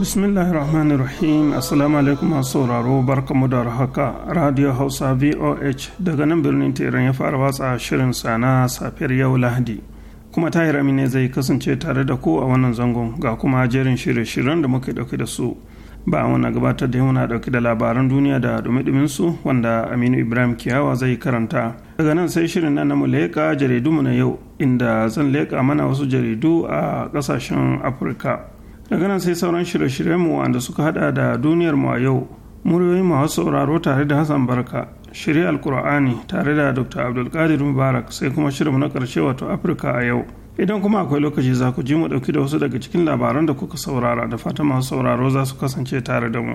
bismillahi rahmanir rahim assalamu alaikum masu sauraro barkamu da haka radio hausa voh daga nan birnin teran ya fara watsa shirin sana safiyar yau lahadi kuma tahir amine zai kasance tare da ku a wannan zangon ga kuma jerin shirye-shiryen da muke dauke da su ba a muna gabatar da muna dauke da labaran duniya da dumi su wanda aminu ibrahim kiyawa zai karanta daga nan sai shirin nan na mu leƙa mu na yau inda zan leƙa mana wasu jaridu a ƙasashen afirka daga nan sai sauran shirye-shiryen mu wanda suka hada da duniyar mu a yau muryoyi masu sauraro tare da hassan barka shirya alkur'ani tare da dr abdulkadir mubarak sai kuma shirin na karshe wato afirka a yau idan kuma akwai lokaci za ku ji mu dauki da wasu daga cikin labaran da kuka saurara da fata masu sauraro za su kasance tare da mu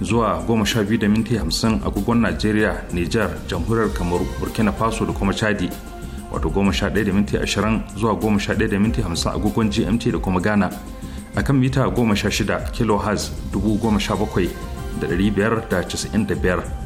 zuwa goma sha biyu da minti 50 agogon Najeriya, Nijar, Jamhuriyar Kamaru, Burkina Faso da kuma Chadi. Wato 11 da minti 20 zuwa 11 da minti 50 agogon GMT da kuma Ghana. A kan mita 16 da biyar.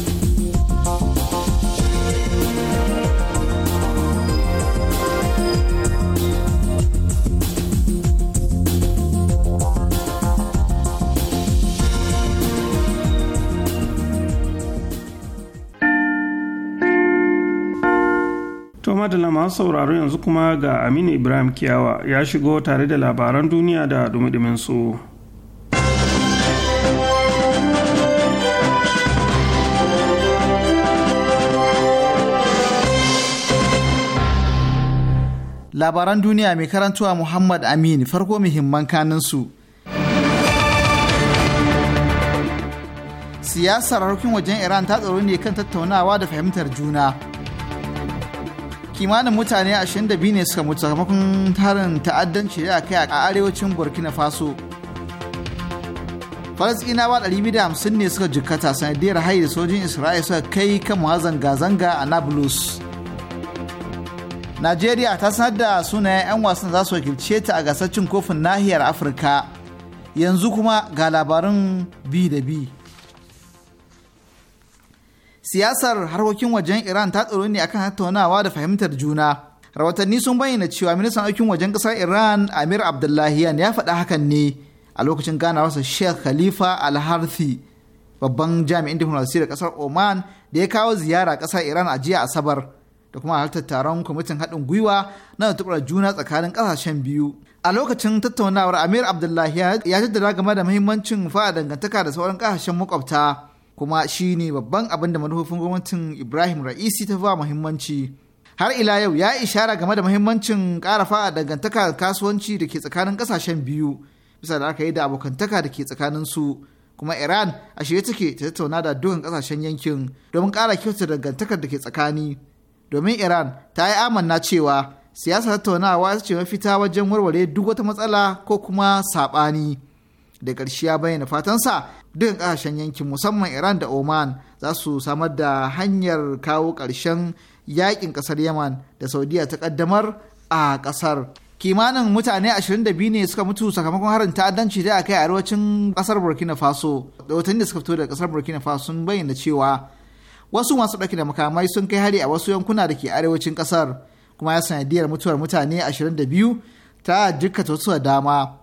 da masu sauraro yanzu kuma ga aminu ibrahim kiyawa ya shigo tare da labaran duniya da dumidimin su. labaran duniya mai karantuwa muhammad amin farko muhimman kaninsu siyasar harkokin wajen iran ta tsaro ne kan tattaunawa da fahimtar juna kimanin mutane 22 ne suka mutu sakamakon tarin ta'addanci da kai a arewacin burkina faso falasɗinawa 250 ne suka jikkata sanadiyar haida sojin isra'ila suka kai kan zanga-zanga a nablus najeriya ta sanar da sunayen 'yan wasan za su wakilce ta a gasar cin kofin nahiyar afirka yanzu kuma ga labarin bi da bi siyasar harkokin wajen iran ta tsoro ne akan tattaunawa da fahimtar juna rahotanni sun bayyana cewa ministan aikin wajen ƙasar iran amir abdullahiyan ya faɗa hakan ne a lokacin ganawarsa sheikh khalifa alharthi babban jami'in diflomasiyya da ƙasar oman da ya kawo ziyara ƙasar iran a jiya asabar da kuma halartar taron kwamitin haɗin gwiwa na tuntuɓar juna tsakanin ƙasashen biyu a lokacin tattaunawar amir abdullahi ya jaddada game da muhimmancin fa'a dangantaka da sauran ƙasashen makwabta kuma shi ne babban abin da manufofin gwamnatin ibrahim ra'isi ta ba muhimmanci har ila yau ya ishara game da muhimmancin ƙarafa dangantaka kasuwanci da ke tsakanin ƙasashen biyu bisa da aka yi da abokantaka da ke tsakanin su kuma iran a shirye take ta tattauna da dukkan ƙasashen yankin domin ƙara kyauta dangantakar da ke tsakani domin iran ta yi amanna cewa siyasa tattaunawa ce mafita wajen warware duk wata matsala ko kuma saɓani. da ƙarshe ya bayyana fatansa duk ƙasashen yankin musamman iran da oman za su samar da hanyar kawo ƙarshen yakin ƙasar yaman da saudiya ta ƙaddamar a ƙasar kimanin mutane 22 ne suka mutu sakamakon harin ta'addanci da aka yi a arewacin ƙasar burkina faso da watanni da suka fito daga ƙasar burkina faso sun bayyana cewa wasu masu ɗauki da makamai sun kai hari a wasu yankuna da ke arewacin ƙasar kuma ya sanadiyar mutuwar mutane 22 ta jikkata wasu da dama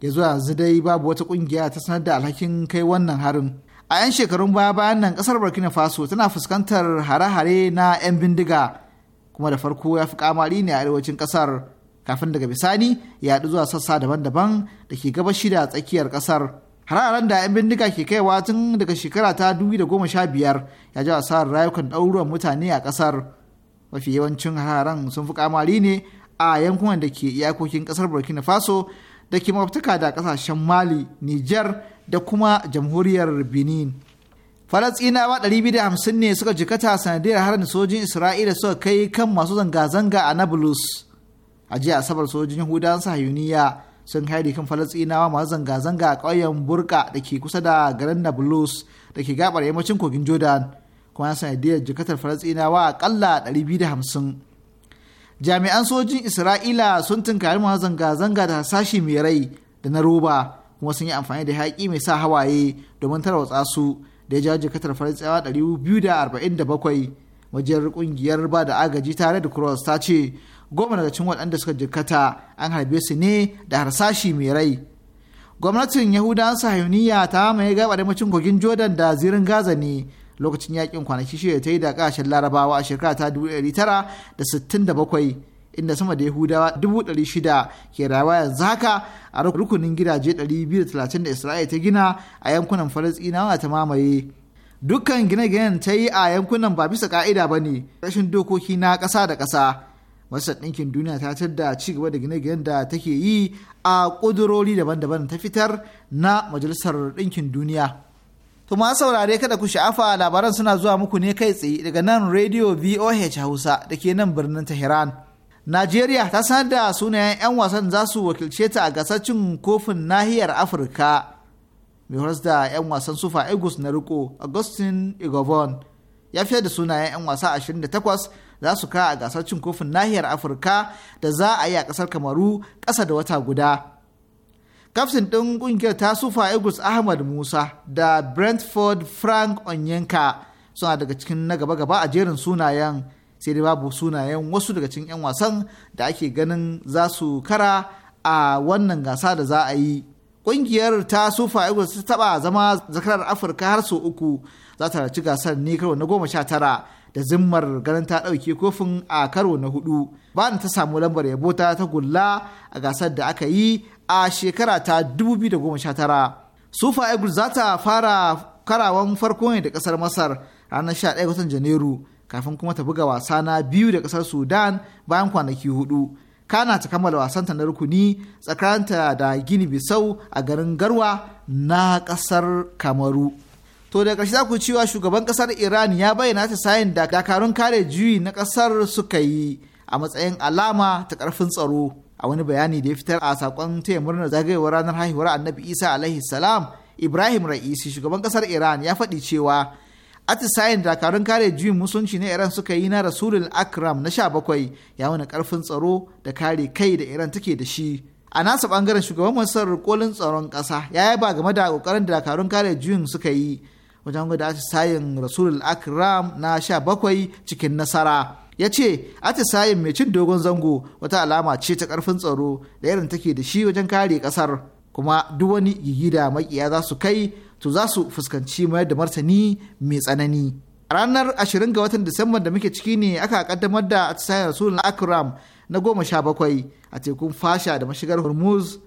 ya zuwa yanzu dai babu wata kungiya ta sanar da alhakin kai wannan harin a 'yan shekarun baya bayan nan kasar burkina faso tana fuskantar hare-hare na 'yan bindiga kuma da farko ya fi kamari ne a arewacin kasar kafin daga bisani ya haɗu zuwa sassa daban-daban da ke gabashi da tsakiyar kasar hararen da 'yan bindiga ke kaiwa tun daga shekara ta da goma sha biyar ya ji asarar rayukan ɗauruwan mutane a kasar mafi yawancin hararen sun fi kamari ne a yankunan da ke iyakokin kasar burkina faso da ke mafitaka da kasashen mali niger da kuma jamhuriyar benin falasinawa 250 ne suka jikata sanadiyar harin sojin isra'ila suka kai kan masu zanga-zanga a nablus a jiya asabar sojin yahudawan sahayuniya sun haidi kan falasinawa masu zanga-zanga a ƙauyen burka da ke kusa da garin nablus da ke gabar yammacin kogin jordan kuma sanadiyar jikatar falasinawa akalla 250 jami'an sojin isra'ila sun tunkari masu zanga-zanga da sashi mai rai da na roba kuma sun yi amfani da haƙi mai sa hawaye domin tarwatsa su da ya jawo jikatar faransawa bakwai majiyar ƙungiyar ba da agaji tare da cross ta ce goma daga cikin waɗanda suka jikata an harbe su ne da harsashi mai rai gwamnatin yahudan sahiyuniya ta mai gaba da kogin jordan da zirin gaza ne lokacin yakin kwanaki shida ta yi da kashin larabawa a shekara ta 1967 inda sama da yahudawa 600 ke rayuwa yanzu haka a rukunin gidaje 230 da isra'ila ta gina a yankunan falasɗinawa ta mamaye dukkan gine-ginen ta yi a yankunan ba bisa ka'ida ba ne rashin dokoki na kasa da kasa. masar ɗinkin duniya ta tar da ci gaba da gine-ginen da take yi a ƙudurori daban-daban ta fitar na majalisar ɗinkin duniya To ma saurare kada ku sha'afa labaran suna zuwa muku ne kai tsaye daga nan Radio VOH Hausa da ke nan birnin Tehran. Najeriya ta sanar da sunayen 'yan wasan za su wakilce ta a gasar cin kofin nahiyar Afirka. Mai horas da 'yan wasan Sufa Egus na riko Augustin Igovon ya fiye da sunayen 'yan wasa 28 za su ka a gasar cin kofin nahiyar Afirka da za a yi a ƙasar Kamaru ƙasa da wata guda. kaftin ɗin ƙungiyar ta sufa egus ahmad musa da brentford frank onyenka suna daga cikin na gaba-gaba a jerin sunayen sai dai babu sunayen wasu daga cikin 'yan wasan da ake ganin za su kara a wannan gasa da za a yi ƙungiyar ta sufa eagles ta taɓa zama zakarar afirka har sau uku za ta raci gasar ne karo na goma sha tara da zimmar ganin ta ɗauki kofin a karo na hudu bayan ta samu lambar yabo ta ta gulla a gasar da aka yi a shekara ta 2019 sufa eagles za ta fara karawan farko ne da kasar masar ranar 11 watan janairu kafin kuma ta buga wasa na biyu da kasar sudan bayan kwanaki hudu kana ta kammala wasan ta na rukuni tsakaranta da gini bisau a garin garwa na kasar kamaru to da ƙarshe za ku cewa shugaban kasar iran ya bayyana ta sayin da dakarun kare juyi na kasar suka yi a matsayin alama ta ƙarfin tsaro a wani bayani da ya fitar a sakon taya murnar zagayewar ranar haihuwar annabi isa alaihi salam ibrahim ra'isi shugaban kasar iran ya faɗi cewa atisayin dakarun kare juyin musulunci na iran suka yi na rasulul akram na sha bakwai ya wani karfin tsaro da kare kai da iran take da shi a nasa bangaren shugaban masar kolin tsaron kasa ya ba game da kokarin dakarun kare juyin suka yi wajen gada atisayin rasulul akram na sha bakwai cikin nasara ya ce atisayin mai cin dogon zango wata alama ce ta karfin tsaro da irin take da shi wajen kare kasar kuma duk wani gigida makiya za su kai to za su fuskanci mayar da martani mai tsanani ranar 20 ga watan disamba da muke ciki ne aka kaddamar da atisayin rasulun akram na goma sha bakwai a tekun fasha da mashigar hormuz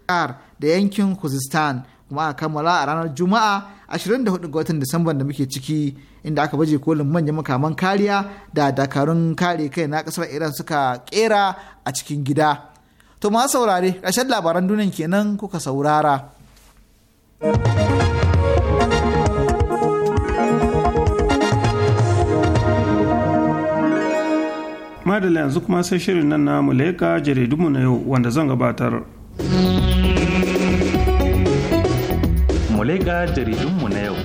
da yankin kuzistan kuma a kammala a ranar juma'a 24 ga watan disamban da muke ciki inda aka baje kolin manyan makaman kariya da dakarun kare kai na kasar iran suka kera a cikin gida to ma saurare ƙarshen labaran duniyan kenan kuka saurara madalla yanzu kuma sai shirin nan na mu leka jaridunmu na yau wanda zan gabatar. ga jaridunmu na yau.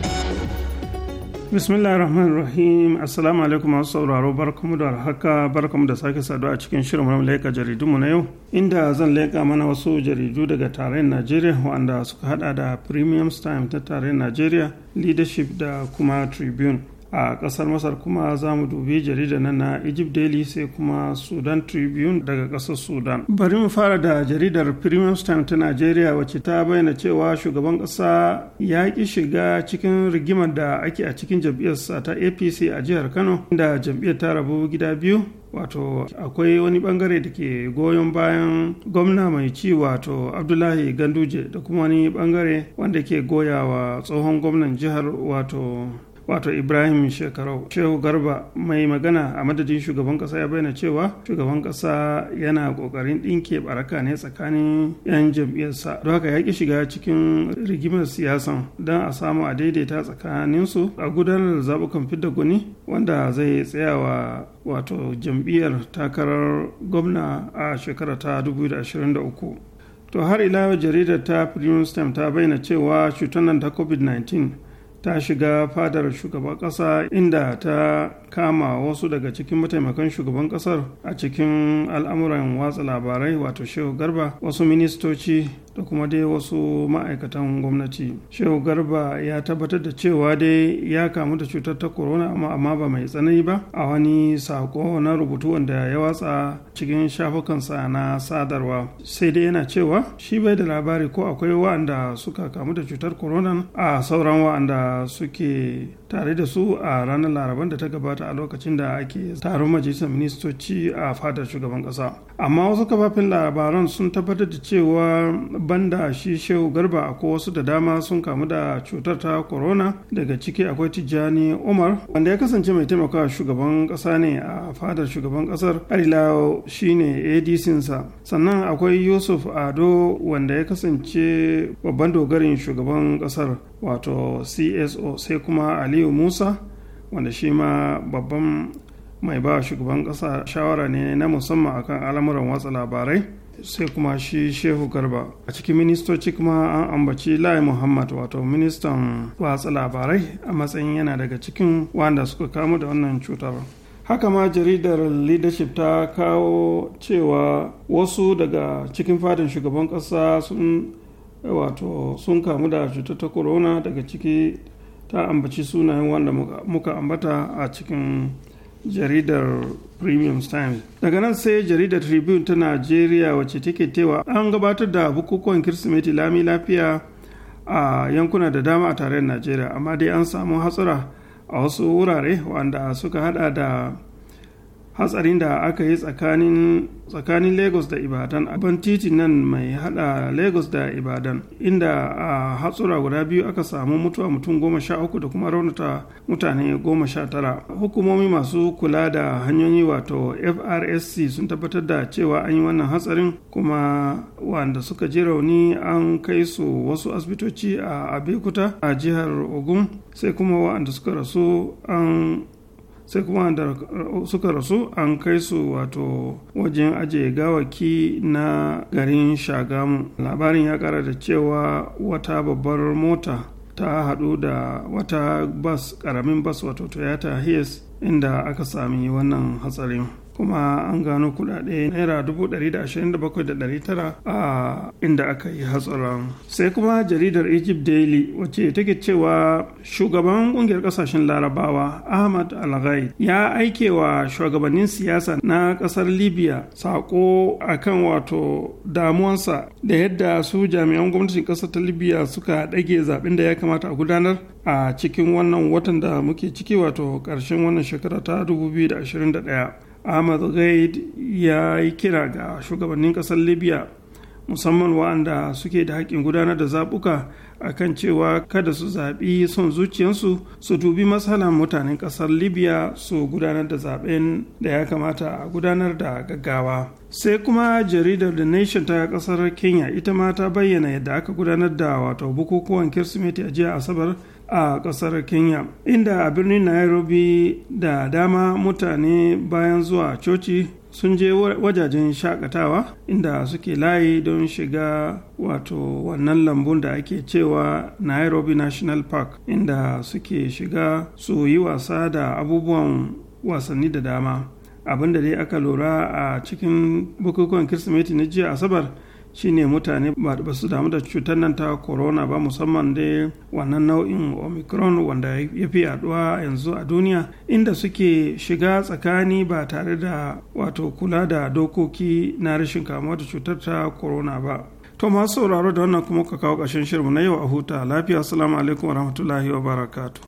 bismillah rahman rahim assalamu alaikum masu sauraro barkamu da haka barkamu da sake saduwa a cikin shirin mu jaridun jaridunmu na yau inda zan laika mana wasu jaridu daga tarayyar najeriya wanda suka hada da premium time ta tarayyar najeriya leadership da kuma tribune a ƙasar masar kuma za mu dubi jaridar na na egypt daily sai kuma sudan tribune daga ƙasar sudan bari mu fara da jaridar premium time ta nigeria wacce ta bayyana cewa shugaban ƙasa ya ki shiga cikin rigimar da ake a cikin jam'iyyarsa ta apc a jihar kano inda jam'iyyar ta rabu gida biyu wato akwai wani bangare da ke goyon bayan gwamna mai ci wato abdullahi ganduje da kuma wani bangare wanda ke goyawa tsohon gwamnan jihar wato wato ibrahim shekarau shehu garba mai magana a madadin shugaban kasa ya bayyana cewa shugaban kasa yana kokarin ɗinke baraka ne tsakanin 'yan jam'iyyarsa don haka ya ki shiga cikin rigimar siyasan don a samu a daidaita tsakaninsu a gudanar zaɓukan fidda guni wanda zai tsayawa wato jam'iyyar takarar gwamna a shekara ta 2023 to har ila jaridar ta premium time ta bayyana cewa cutar nan ta covid-19 ta shiga fadar shugaban ƙasa inda ta kama wasu daga cikin mataimakan shugaban kasar a cikin al'amuran watsa labarai wato shehu garba wasu ministoci da kuma dai wasu ma'aikatan gwamnati shehu garba ya tabbatar da cewa dai ya kamu da cutar ta corona amma ba mai tsanani ba a wani sako na rubutu wanda ya watsa cikin shafukansa na sadarwa sai dai yana cewa shi bai da labari ko akwai wa'anda suka kamu da cutar corona a sauran wa'anda suke tare da su a ranar laraban da ta gabata a lokacin da ake taron majalisar ministoci a fadar shugaban ƙasa amma wasu kafafen labaran sun tabbatar da cewa banda shi shehu garba ko wasu da dama sun kamu da cutar ta corona daga ciki akwai tijjani umar wanda ya kasance mai taimakawa shugaban ƙasa ne a fadar shugaban ƙasar arilawo shine sa. sannan akwai yusuf ado wanda ya kasance babban dogarin shugaban ƙasar wato cso sai kuma aliyu musa wanda shi ma babban mai ba shugaban ƙasa shawara ne na musamman akan al'amuran watsa labarai sai kuma shi shehu garba a cikin ministoci kuma an ambaci lai muhammad wato ministan watsa labarai a matsayin yana daga cikin wanda suka kamu da wannan cutar haka ma jaridar leadership ta kawo cewa wasu daga cikin fadin shugaban ƙasa sun wato sun kamu da cutar ta corona daga ciki ta ambaci sunayen wanda muka ambata a cikin jaridar premium times daga nan sai jaridar tribune ta najeriya wacce take tewa. an gabatar da bukukuwan kirsimeti lami lafiya a yankuna da dama a tarayyar najeriya amma dai an samu hatsura a wasu wurare wanda suka hada da hatsarin da aka yi tsakanin lagos da ibadan a ban titin nan mai hada lagos da ibadan inda a hatsura guda biyu aka samu mutuwa mutum goma sha uku da kuma raunata mutane goma sha tara hukumomi masu kula da hanyoyi wato frsc sun tabbatar da cewa an yi wannan hatsarin kuma wanda suka ji rauni an kai su wasu asibitoci a abekuta a jihar ogun sai kuma wa'anda suka rasu an sai kuma da suka rasu an kai su wato wajen ajiye gawaki na garin shagamu labarin ya kara da cewa wata babbar mota ta haɗu da wata bas ƙaramin bas wato toyota hiace inda aka sami wannan hatsarin kuma an gano kudade naira 127,900 a inda aka yi hatsarin sai kuma jaridar egypt daily wacce take cewa shugaban kungiyar kasashen larabawa ahmad alghai ya aike wa shugabannin siyasa na kasar libya sako kan wato damuwansa da yadda su jami'an gwamnatin kasar ta libya suka dage zaben da ya kamata a gudanar a cikin wannan watan da muke ciki wato ƙarshen wannan shekara ta 2021 ahmad gaid ya yi kira ga shugabannin ƙasar libya musamman waɗanda suke da haƙƙin gudanar da zaɓuka a kan cewa kada su zaɓi son zuciyarsu su dubi matsalar mutanen ƙasar libya su gudanar da zaɓen da ya kamata a gudanar da gaggawa sai kuma jaridar the nation ta ƙasar kenya ita ma ta bayyana yadda aka gudanar da wato bukukuwan kirsimeti a jiya asabar a ƙasar kenya inda a birnin nairobi da dama mutane bayan zuwa coci sun je wajajen shakatawa inda suke layi don shiga wato wannan lambun da ake cewa nairobi national park inda suke shiga su yi wasa da abubuwan wasanni da dama abin da dai aka lura a cikin bukukuwan kirsimeti na jiya asabar shine mutane ba su damu da cutar nan ta corona ba musamman da wannan nau'in omicron wanda ya fi yaduwa yanzu a duniya inda suke shiga tsakani ba tare da wato kula da dokoki na rashin kamuwa da cutar ta corona ba to masu sauraro da wannan kuma ka kawo ƙarshen shirin na yau a huta lafiya assalamu alaikum wa wabarakatuh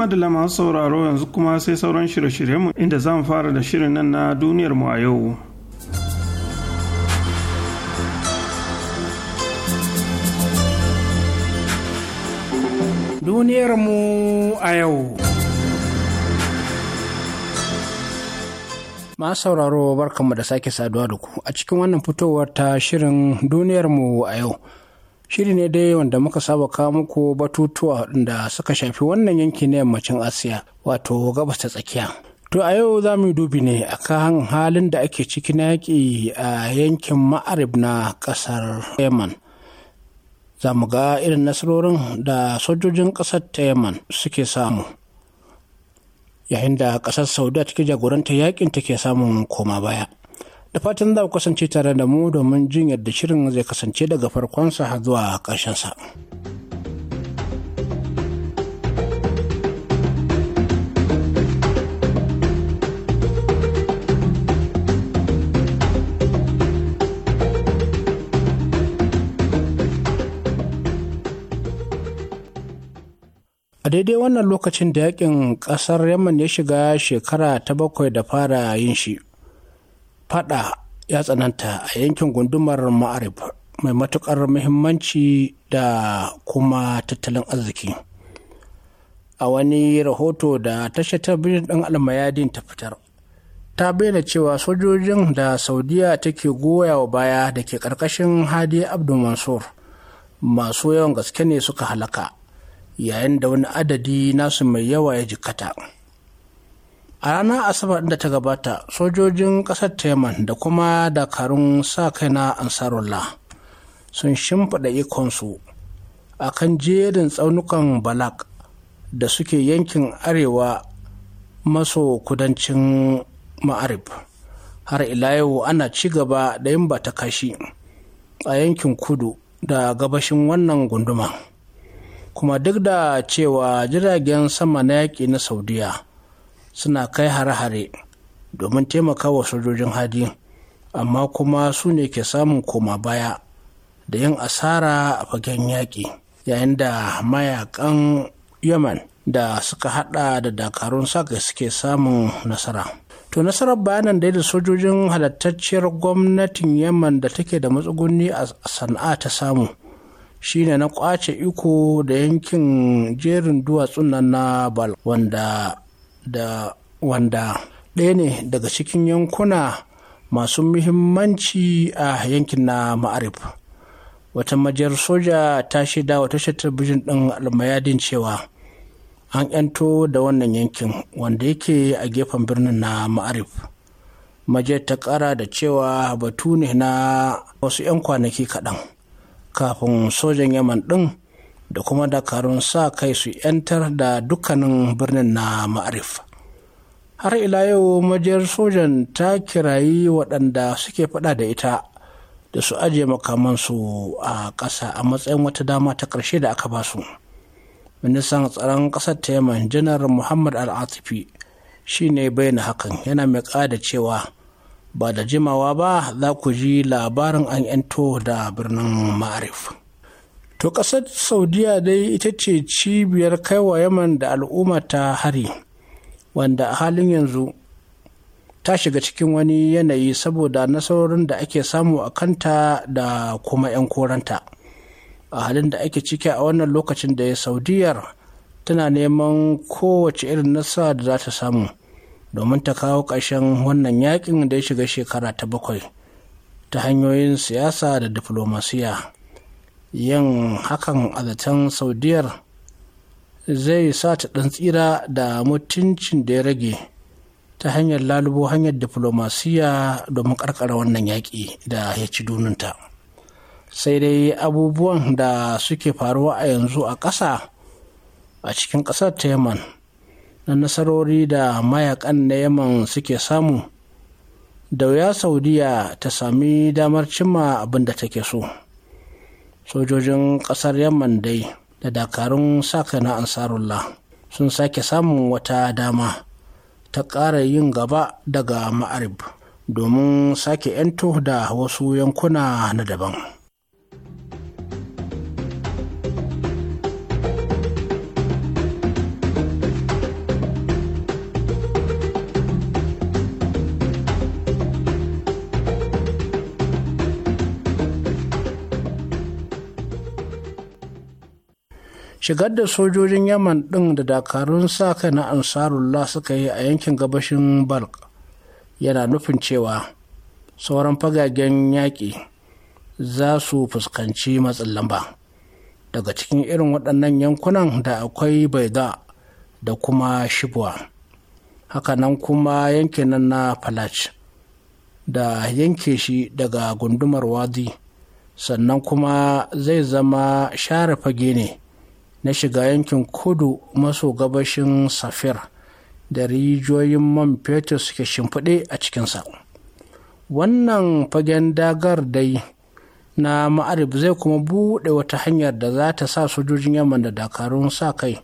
madala masu sauraro yanzu kuma sai sauran shirye-shiryenmu inda za mu fara da shirin nan na duniyar mu a yau. Duniyar mu a yau. Masu sauraro barkanmu da sake saduwa da ku a cikin wannan fitowar ta shirin duniyar mu a yau. shiri ne dai wanda muka saba kawo muku batutuwa da suka shafi wannan yanki na yammacin asiya wato gabas ta tsakiya to a yau za mu yi dubi ne a kan halin da ake ciki na yaƙi a yankin ma'arib na ƙasar yaman za mu ga irin nasarorin da sojojin ƙasar ta yaman suke samu yayin da ƙasar saudiya take jagorantar yakin take samun koma baya da fatan za ku kasance tare da mu domin jin yadda shirin zai kasance daga farkonsa har zuwa A daidai wannan lokacin da yakin kasar yaman ya shiga shekara ta bakwai da fara yin shi Faɗa ya tsananta a yankin gundumar Ma'arif mai matukar muhimmanci da kuma tattalin arziki a wani rahoto da tashar talabijin ɗin almayadin ta fitar ta bayyana cewa sojojin da saudiya take goya wa baya da ke ƙarƙashin hadi abdul mansur masu yawan gaske ne suka halaka yayin da wani adadi nasu mai yawa ya jikkata. a ranar asabar da ta gabata sojojin ƙasar taiman da kuma dakarun sa kai na ansarullah sun shimfiɗa ikonsu a kan jerin tsaunukan balak da suke yankin arewa maso kudancin ma'arib har ila yau ana ci gaba da yin bata kashi a yankin kudu da gabashin wannan gunduma kuma duk da cewa jiragen sama na yaƙi na saudiya suna kai hare-hare domin taimakawa sojojin hadi amma kuma su ne ke samun koma baya da yin asara a fagen yaƙi yayin da mayakan yaman da suka hada da dakarun saka suke samun nasara to nasarar bayanan da da sojojin halattacciyar gwamnatin yaman da take da matsuguni a sana'a ta samu shine na kwace iko da yankin jerin duwatsun nan na bal wanda da wanda ɗaya ne daga cikin yankuna masu muhimmanci a yankin na ma'arif wata majiyar soja ta shaida wa tashar talabijin ɗin almayadin cewa an 'yanto da wannan yankin wanda yake a gefen birnin na ma'arif majiyar ta ƙara da cewa batu ne na wasu 'yan kwanaki kaɗan kafin sojan yaman ɗin da kuma dakarun sa kai su 'yantar da dukkanin birnin na ma'arif har ila yau majiyar sojan ta kirayi waɗanda suke faɗa da ita da su ajiye makamansu a ƙasa a matsayin wata dama ta ƙarshe da aka basu ministan tsaron ƙasar ta yaman janar muhammad al-atifi shi ne bayyana hakan yana mai ƙada cewa ba da jimawa ba za ku ji labarin an 'yanto da birnin ma'arif. to ƙasar saudiya dai ita ce cibiyar kaiwa yaman da al'umma ta hari wanda a halin yanzu ta shiga cikin wani yanayi saboda nasarorin da ake samu a kanta da kuma 'yan koranta a halin da ake ciki a wannan lokacin da ya saudiyar tana neman kowace irin nasara da za ta samu domin ta kawo ƙarshen wannan yakin da ya shiga shekara ta bakwai ta hanyoyin siyasa da diflomasiya yin hakan a zaton saudiyar zai sa ta ɗan tsira da mutuncin da ya rage ta hanyar lalubo hanyar diflomasiyya domin karkara wannan yaƙi da ya ci duninta sai dai abubuwan da suke faruwa a yanzu a ƙasa a cikin ƙasar ta yaman na nasarori da mayakan na yaman suke samu da wuya saudiya ta sami damar cimma abin da take so sojojin ƙasar yamman dai da dakarun saka na ansarullah sun sake samun wata dama ta ƙara yin gaba daga ma'arib domin sake 'yanto da wasu yankuna na daban. shigar da sojojin yaman ɗin da dakarun sa kai na ansarullah suka yi a yankin gabashin balk yana nufin cewa sauran fagagen yaƙi za su fuskanci matsin lamba daga cikin irin waɗannan yankunan da akwai baida da kuma shibwa hakanan kuma yankin nan na falach da yanke shi daga gundumar wadi sannan kuma zai zama share fage ne na shiga yankin kudu maso gabashin safir da rijiyoyin man fetur suke shimfiɗe a cikinsa wannan fagen dagar dai na ma'arib zai kuma buɗe wata hanyar da za ta sa sojojin yamman da dakarun sa kai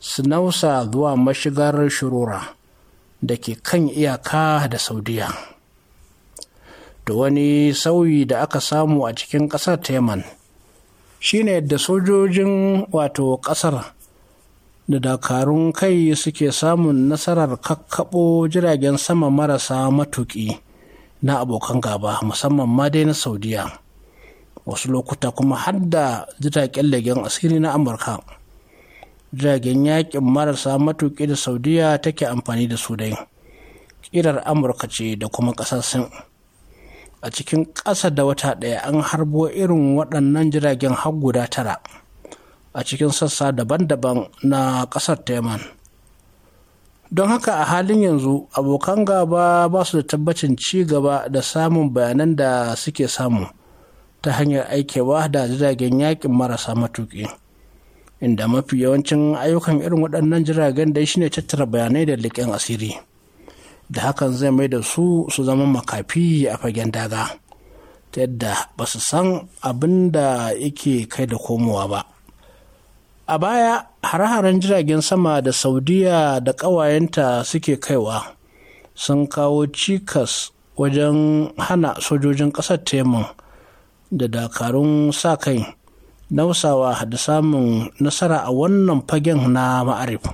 su nausa zuwa mashigar shurura da ke kan iyaka da saudiya da wani sauyi da aka samu a cikin ƙasar ta yaman shine yadda sojojin wato ƙasar da dakarun kai suke samun nasarar kakkaɓo jiragen sama marasa matuki na abokan gaba musamman ma dai na saudiya wasu lokuta kuma hadda jiragen legen asiri na amurka jiragen yakin marasa matuƙi da saudiya take amfani da su dai ƙirar amurka ce da kuma ƙasar sin a cikin ƙasa da wata ɗaya an harbo irin waɗannan jiragen har guda tara a cikin sassa daban-daban na ƙasar teman don haka a halin yanzu abokan gaba ba su da tabbacin ci gaba da samun bayanan da suke samu ta hanyar aikewa da jiragen yakin marasa matuƙi inda mafi yawancin ayyukan irin waɗannan jiragen da shine tattara bayanai da liƙen asiri. da hakan zai mai da su su zama makafi a fagen daga ta yadda ba su san abin da yake kai da komowa ba a baya hare-haren jiragen sama da saudiya da ƙawayenta suke kaiwa sun kawo cikas wajen hana sojojin ƙasar temun da dakarun sa kai nausawa da samun nasara a wannan fagen na ma'arif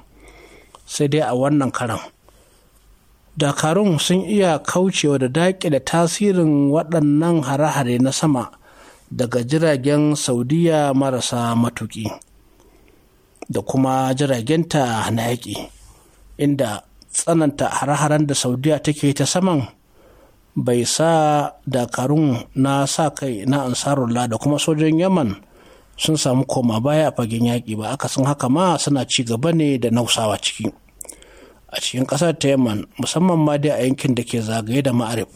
sai dai a wannan karan dakarun sun iya kaucewa da dakile tasirin waɗannan hare-hare na sama daga jiragen saudiya marasa matuki, da kuma jiragenta na yaƙi inda tsananta hare-haren da saudiya take ta saman bai sa dakarun na sa kai na ansarullah da kuma sojan yaman sun samu koma baya a fagen yaƙi ba aka akasin haka ma suna ci gaba ne da nausawa ciki. a cikin ƙasar ta yaman musamman ma dai a yankin da ke zagaye da ma'arif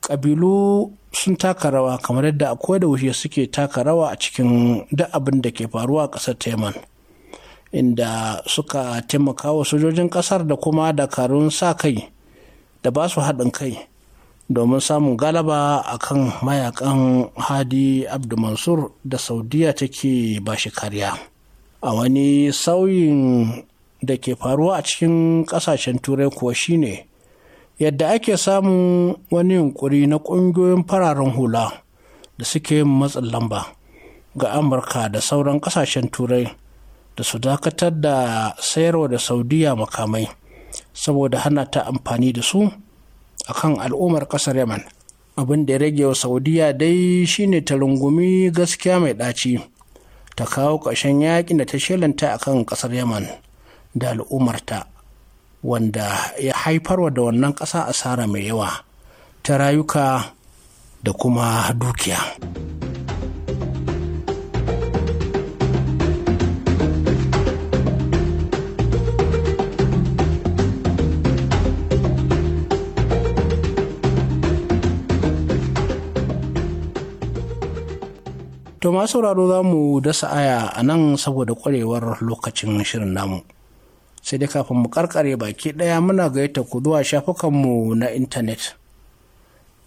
ƙabilu sun taka rawa kamar yadda akwai da wuce suke taka rawa a cikin duk abin da ke faruwa a ƙasar ta yaman inda suka taimaka wa sojojin ƙasar da kuma dakarun sa kai da ba su haɗin kai domin samun galaba a kan mayakan hadi abdulmansur da saudiya take ba shi kariya a wani sauyin da ke faruwa a cikin ƙasashen turai kuwa shine yadda ake samun wani yunkuri na ƙungiyoyin fararen hula da suke matsin lamba ga amurka da sauran ƙasashen turai da su dakatar da sayarwa da saudiya makamai saboda hana ta amfani da su akan al'ummar ƙasar yaman abin da ya rage wa saudiya dai shine ta rungumi gaskiya mai ɗaci ta kawo ƙarshen yaƙin da ta shelanta a kan ƙasar yaman da al'ummarta wanda ya haifarwa da wannan ƙasa asara mai yawa ta rayuka da kuma dukiya. To masu sauraro za mu dasa aya a nan saboda kwarewar lokacin shirin namu. sai dai kafin mu karkare baki daya muna gaita ku zuwa shafukanmu na intanet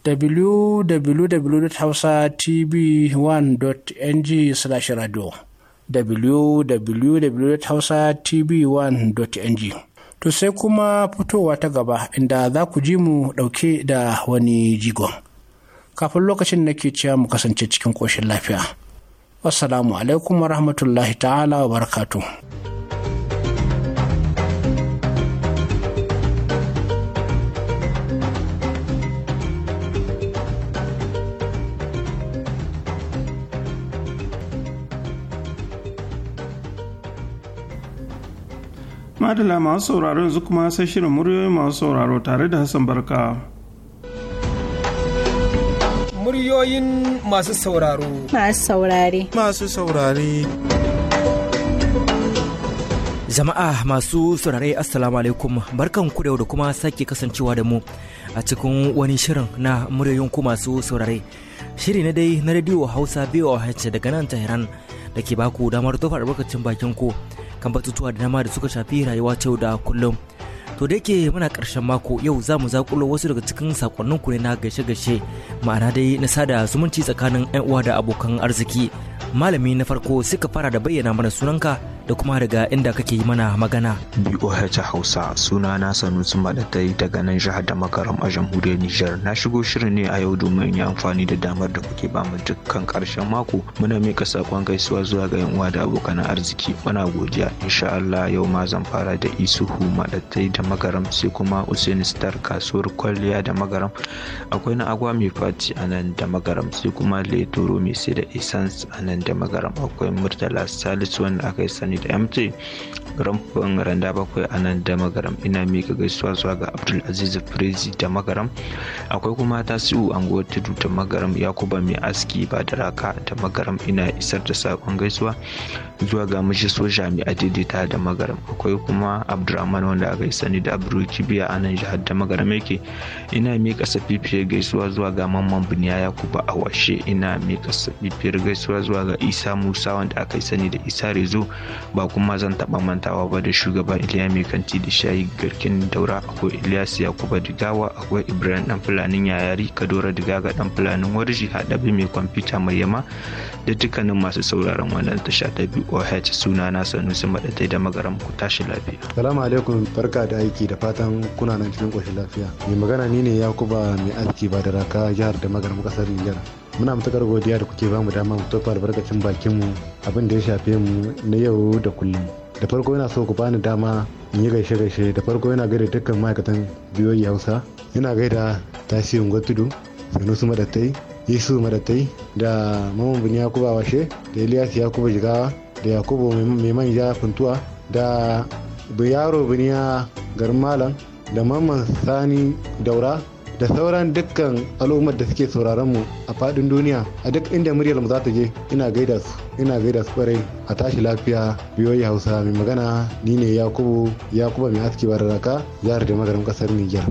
www.hausatv1.ng/radio www.hausatv1.ng to sai kuma fitowa ta gaba inda za ku ji mu dauke da wani jigon kafin lokacin na ke cewa mu kasance cikin koshin lafiya wassalamu alaikum wa rahmatullahi ta'ala wa barakatuh madala masu sauraro yanzu kuma sai shirin muryoyin masu sauraro tare da hassan barka muryoyin masu sauraro masu saurare masu saurare Jama'a masu saurare Assalamu alaikum barkan ku da kuma sake kasancewa da mu a cikin wani shirin na muryoyin ku masu saurare. Shiri na dai na radio Hausa biyu a daga nan Tehran da ke baku damar tofa albarkacin bakin ku kan batutuwa da dama da suka shafi rayuwa ta da kullum to da yake muna karshen mako yau za mu zakulo wasu daga cikin sakonnin ku ne na gaishe-gaishe ma'ana dai na sada zumunci tsakanin 'yan uwa da abokan arziki malami na farko suka fara da bayyana mana sunanka da kuma daga inda kake yi mana magana. BOH Hausa suna na Sanusi Madatai daga nan jihar da makaram a jamhuriyar Nijar. Na shigo shirin ne a yau domin in yi amfani da damar da kuke ba mu dukkan karshen mako. Muna mika sakon gaisuwa zuwa ga yan uwa da abokan arziki. Muna godiya insha Allah yau ma zan fara da Isuhu Madatai da makaram sai kuma Usaini Star kasuwar kwalliya da magaram. Akwai na agwa mai fati a nan da makaram sai kuma Letoro mai sai da essence a nan da magaram. Akwai Murtala Salisu wanda aka sani sani da mt garin randa bakwai a nan da magaram ina mika gaisuwa zuwa ga abdul aziz prezi da magaram akwai kuma tasiu anguwar tudu da magaram yakuba mai aski ba da raka da magaram ina isar da sakon gaisuwa zuwa ga mashi soja mai adidita da magaram akwai kuma abdurrahman wanda aka yi sani da abdul kibiya a nan jihar da magaram yake ina miƙa safifiyar gaisuwa zuwa ga mamman buniya yakuba a washe ina miƙa safifiyar gaisuwa zuwa ga isa musa wanda aka yi sani da isa rezo ba kuma zan taba mantawa ba da shugaban iliya mai kanti da shayi garkin daura akwai ilyas yakuba digawa akwai ibrahim dan fulanin yayari kadora diga ga dan fulanin warji haɗabi mai kwamfuta mai yama da dukkanin masu sauraron wannan tasha ta biyu oh suna na Sanusi madadai da magaram ku tashi lafiya. Salamu alaikum barka da aiki da fatan kuna nan cikin ƙoshin lafiya. Mai magana ni ne Yakuba mai aski ba da raka jihar da magaram kasar Nijar. muna matukar godiya da kuke ba mu dama mu tofa albarkacin bakin mu abin da ya shafe mu na yau da kullum da farko yana so ku bani dama in yi gaishe gaishe da farko yana gaida dukkan ma'aikatan biyoyi e hausa yana gaida tashi unguwar tudu su madadai yesu madadai da mamman bin yakuba washe da ilyas yakuba jigawa da yakubu mai manja funtuwa da yaro biniya garin malam da mamman sani daura da sauran dukkan al'ummar da suke sauraron mu a fadin duniya a duk inda muryar mu za ta je ina gaida su ina gaida su kwarai a tashi lafiya biyoyi hausa mai magana ni ne yakubu yakuba mai aski raka jihar da magarin kasar niger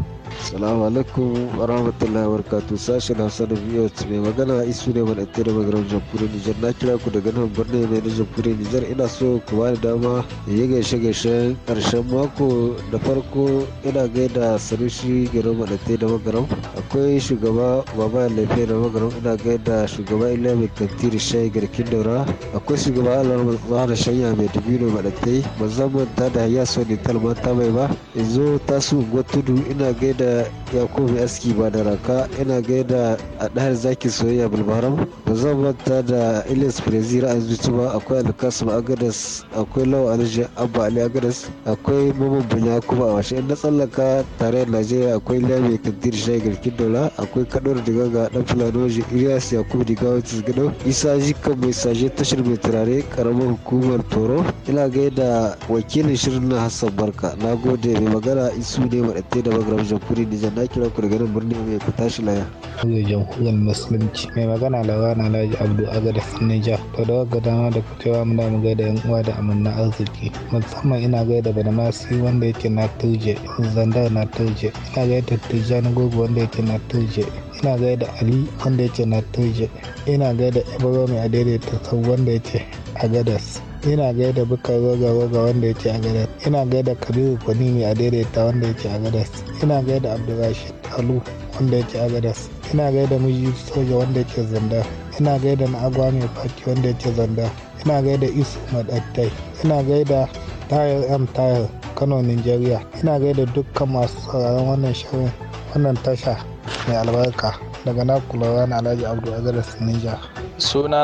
salamu alaikum wa rahmatullahi wa barakatu sashen hausa da biyu mai magana isu ne wani ɗaya da magaram jamhuriyar nijar na kira ku daga nan birnin mai na jamhuriyar nijar ina so ku ba ni dama yi gaishe gaishen ƙarshen mako da farko ina gaida sanushi gero maɗate da magaram akwai shugaba baba lafiya da magaram ina gaida shugaba iliya mai da shayi garkin daura akwai shugaba alar matsuwa da shanya mai dubino maɗate ba zan manta da ya so ne talmanta mai ba yanzu tasu unguwar tudu ina gaida da yakubu yaski ba da raka ina gaida a ɗahar zaki soyayya bulbaram ba zan manta da ilis brezil a ba akwai alkasim agadas akwai lawa alji abba ali agadas akwai mamman bunya kuma a washe na tsallaka tare da najeriya akwai lami kadir garkin kidola akwai kadar diga ga dan fulanoji ilyas yakubu diga wata gado isa jika mai saje tashar mai turare karamar hukumar toro ina gaida wakilin shirin na hassan barka na gode mai magana isu ne maɗatte da magaram jamhuriyar jamhuriyar da na kira ku daga nan birni mai ku tashi laya. Zai jamhuriyar Musulunci mai magana lawana Alhaji Abdu Agada Sinija to da wagga dama da fitowa muna mu gaida yan uwa da amanna arziki musamman ina gaida Badamasi wanda yake na Turje Zandar na Turje ina gaida Tijjani Gogo wanda yake na Turje ina gaida Ali wanda yake na Turje ina gaida Ibrahim mai ta sau wanda yake a Gadas ina gaida bukar roga roga wanda yake a gadas ina gaida kabiru kwanini a daidaita wanda yake a gadas ina gaida abdurrashid alu wanda yake a gadas ina gaida miji soja wanda yake zanda ina gaida na agwa mai faki wanda yake zanda ina gaida isu madattai ina gaida tayar m tayar kano nigeria ina gaida dukkan masu sauraron wannan shirin wannan tasha mai albarka daga na kulawa na alhaji abdu azara sinija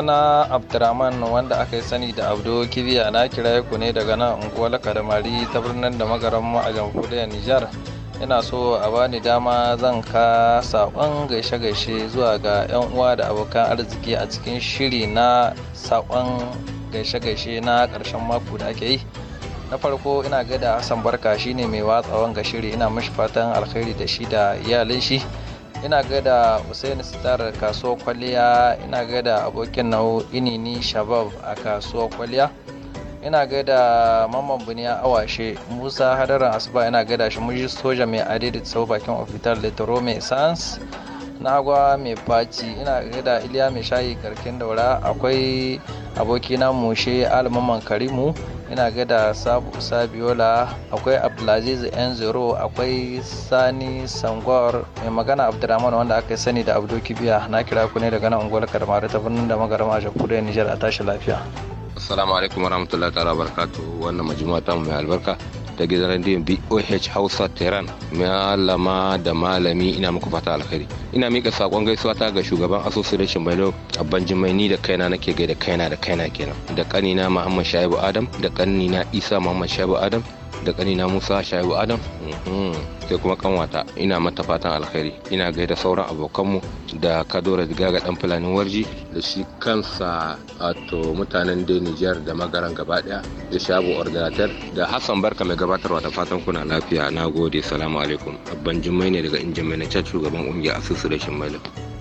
na abdurrahman wanda aka yi sani da abdo kibiya na kiraye ku ne daga nan unguwar kadamari ta birnin da magaran a jamhuriyar nijar ina so a bani dama zan ka saƙon gaishe-gaishe zuwa ga 'yan uwa da abokan arziki a cikin shiri na saƙon gaishe-gaishe na ƙarshen mako da ake yi na farko ina gaida hassan barka shine mai watsawan ga shiri ina mashi fatan alkhairi da shi da iyalin shi ina gaida usain star kasuwar kwalliya ina gaida abokin nau inini shabab a kasuwar kwalliya ina gaida mamman buniya awashe musa hadarin asuba ina gaida shi muji soja mai adidi sau bakin ofitar litoro mai sans na mai faci ina da iliya mai shayi karkin daura akwai abokina mushe almaman karimu ina gada sabu sabiola akwai abdulaziz n zero akwai sani sangwar mai magana abdulrahman wanda aka sani da abdo kibiya na kira ku ne daga nan unguwar karmari ta birnin da magarama a jamhuriyar nijar a tashi lafiya assalamu alaikum warahmatullahi ta'ala barakatuh wannan majima ta mai albarka da gidan rediyon BOH Hausa Tehran malama da malami ina muku fata alkhairi ina mika sakon gaisuwa ta ga shugaban association Bello Abban ni da kaina nake gaida kaina da kaina kenan da kanina Muhammad Shaibu Adam da kanina Isa Muhammad Shaibu Adam da kanina Musa Shaibu Adam mhm. sai kuma kanwata ina mata fatan alkhairi ina gaida sauran abokanmu da Kadora Gaga dan Fulani Warji da shi kansa to mutanen da Nijar da magaran gaba daya da Shabu Ordinator da Hassan Barka mai gabatarwa da fatan kuna lafiya nagode salamu alaikum abban jummai ne daga injin mai na shugaban kungiya asusu da shimmalin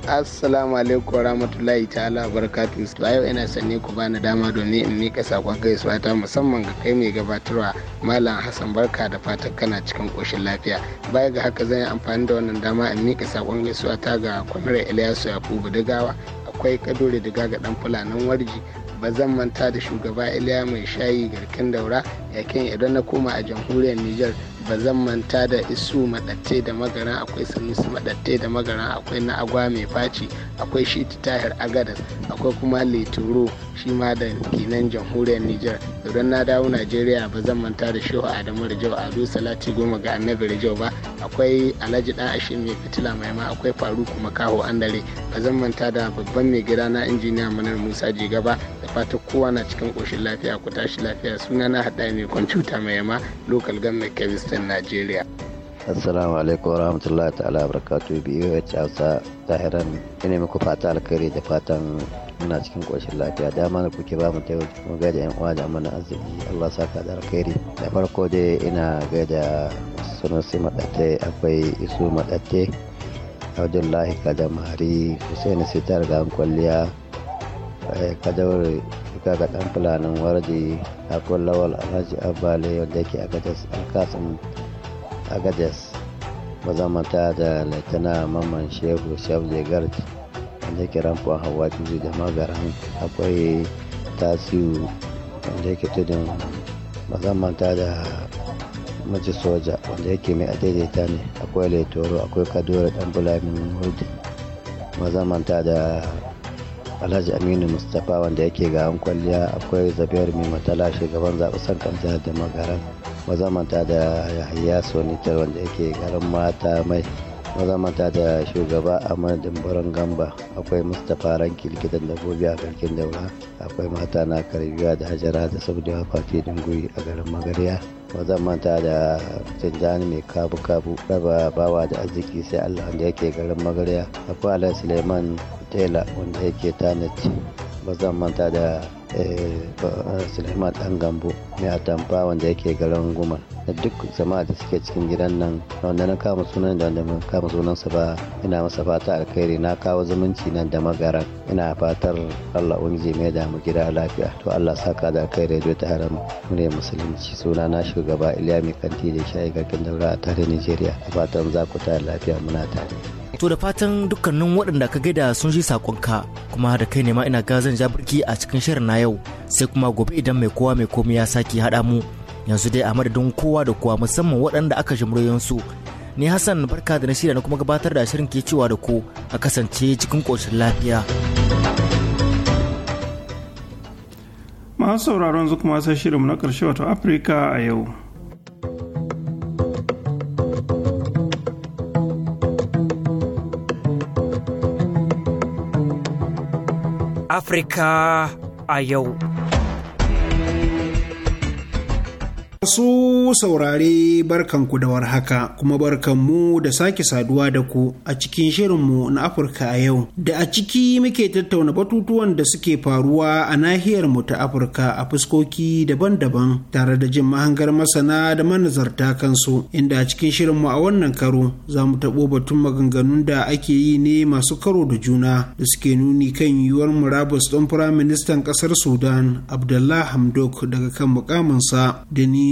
assalamu alaikum warahmatullahi ta'ala barakatu to yau ina sanne ku bani dama domin in mika sakon gaisuwa ta musamman ga kai mai gabatarwa malam hassan barka da fatan kana cikin koshin lafiya baya ga haka zan yi amfani da wannan dama in mika sakon gaisuwa ta ga kwamirar ilyasu yakubu digawa akwai kadore diga ga dan fulanin warji ba zan manta da shugaba iliya mai shayi garkin daura yakin idan na koma a jamhuriyar nijar ba zan manta da isu madatte da magaran akwai sanusi madatte da magaran akwai na agwa mai faci akwai shi tahir agadas akwai kuma leturo shi ma da kenan jamhuriyar niger idan na dawo najeriya ba zan manta da shehu adamu rijau ado salati goma ga annabi rijau ba akwai alhaji dan ashe mai fitila mai ma akwai faru kuma kaho andare ba zan manta da babban mai gida na injiniya manar musa jiga ba da fata kowa na cikin koshin lafiya ku tashi lafiya suna na haɗa mai kwamfuta mai ma local government ƙasar najeriya assalamu alaikum warahmatullahi ta'ala barakatu biyu ya hausa tahiran ina muku fata alkhairi da fatan muna cikin ƙoshin lafiya dama da kuke ba mu taimaki mu gaida yan uwa da amana arziki allah ka da alkhairi da farko dai ina gaida sunusi madatte akwai isu madatte abdullahi kadamari hussein sitar ga kwalliya eh, kadawar Ka ga ɗan fulanin warje akwai lawal alhaji abale wanda yake ba za mu mazamanta da laitana mamman shehu shabde gard wanda yake ramfuwa hawa juji da magaran akwai tasiru wanda yake tudun mazamanta da Maji soja wanda yake mai adaidaita ne akwai laitoro akwai kadoro dan bulamin hudu mazamanta da alhaji aminu mustapha wanda yake an kwalliya akwai zabiyar mai matala shugaban zaɓe sankan jihar da magaran mazamanta da yahaya sonitar wanda yake garin mata mai maza mata da shugaba amar dimbaran gamba akwai mustapha ranki likitan dabbobi a garkin daura akwai mata na karbiya da hajara da saboda fati dunguri a garin magariya mata da tunjani mai kabu-kabu raba bawa da arziki sai allah wanda yake garin magariya akwai alai suleiman tela wanda yake tanaci manta da eh, suleiman dan gambo mai atamfa wanda yake garin gumar da duk jama'a da suke cikin gidan nan wanda na kama sunan da wanda kama sunan sa ba ina masa fata alkhairi na kawo zumunci nan da magara ina fatar Allah ubangiji mai da mu gida lafiya to Allah saka da alkhairi da ta haram ne musulunci suna na shugaba Iliya mai kanti da shi gaggin daura a tare Nigeria fatan za ku ta lafiya muna tare. To da fatan dukkanin waɗanda ka gaida sun ji sakonka kuma da kai ne ma ina zan ja birki a cikin shirin na yau sai kuma gobe idan mai kowa mai komai ya saki haɗa mu yanzu dai a madadin kowa da kowa musamman waɗanda aka su ni hassan barka da na shirya na kuma gabatar da shirin ke cewa da ku a kasance cikin ƙoshin lafiya masu sauraron yanzu masu sai na ƙarshe wato afirka a yau afirka a yau Masu saurare barkanku da warhaka kuma barkanmu da sake saduwa da ku a cikin shirinmu na Afirka a yau da a ciki muke tattauna batutuwan da suke faruwa a nahiyar mu ta Afirka a fuskoki daban-daban tare da jin mahangar masana da manazarta kansu inda a cikin shirinmu a wannan karo za mu taɓo batun maganganun da ake yi ne masu karo da juna da suke nuni kan yiwuwar murabus ɗan firaministan ƙasar Sudan Abdullah Hamdok daga kan mukaminsa da ni